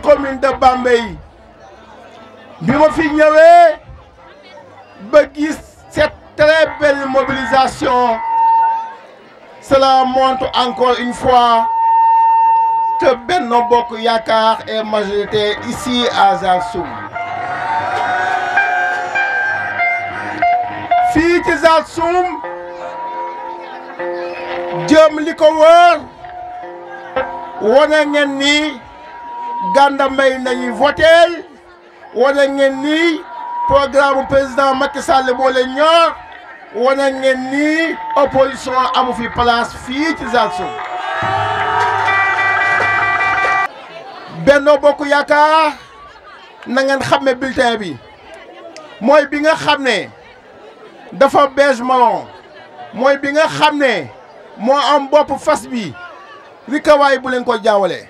commune de Bambay nous ma cette très belle mobilisation cela montre encore une fois que Benno Bokk est majorité ici à Zassoum fii ci jëm me Ganda Mbaye nañuy voteel wane ngeen ni programme président Macky Sall moo leen ñor wane ngeen ni opposition amu fi place fii ci Zalsou Benno Bokk Yaakaar na ngeen xam ne bi mooy bi nga xam ne dafa beige mooy bi nga xam ne moo am bopp fas bi rikawaay bu leen ko jaawale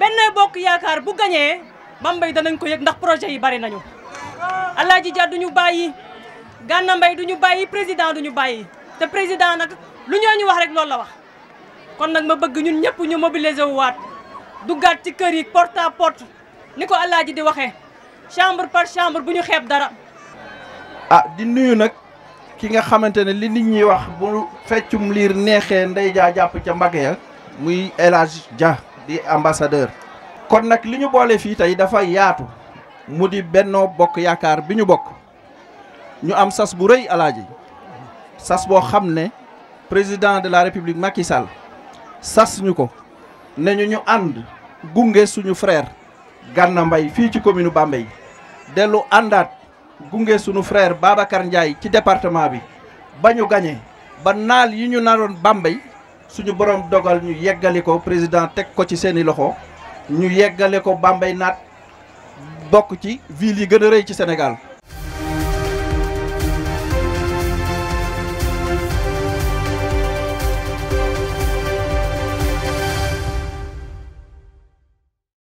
benn bok yaakar bu gañee Bambey danañ ko yek ndax projet yi bari nañu ji jaddu ñu bayyi ganna mbay duñu bayyi président duñu bayyi te président nak lu ñooñu wax rek loolu la wax kon nak ma bëgg ñun ñëpp ñu mobiliser waat duggaat ci kër yi porte à porte niko allah ji di waxé chambre par chambre buñu xép dara ah di nuyu nak ki nga xamantene li nit ñi wax bu feccum lire nexé ndey ja japp ci mbagge ya muy El ja di ambassadeur kon nag li ñu boole fii tey dafa yaatu mu di bennoo bokk yaakaar bi ñu bokk ñu am sas bu rëy alaaji sas boo xam ne président de la république Macky Sall sas ñu ko ne ñu ñu ànd gunge suñu frère Gana Mbaye fii ci commune Bambey dellu àndaat gunge suñu frère Babacar Ndiaye ci département bi ba ñu gañe ba naal yi ñu naroon Bambey suñu borom dogal ñu yeggali ko président teg ko ci seeni loxo ñu yeggale ko Bambey naat bokk ci ville yi gën a rëy ci Sénégal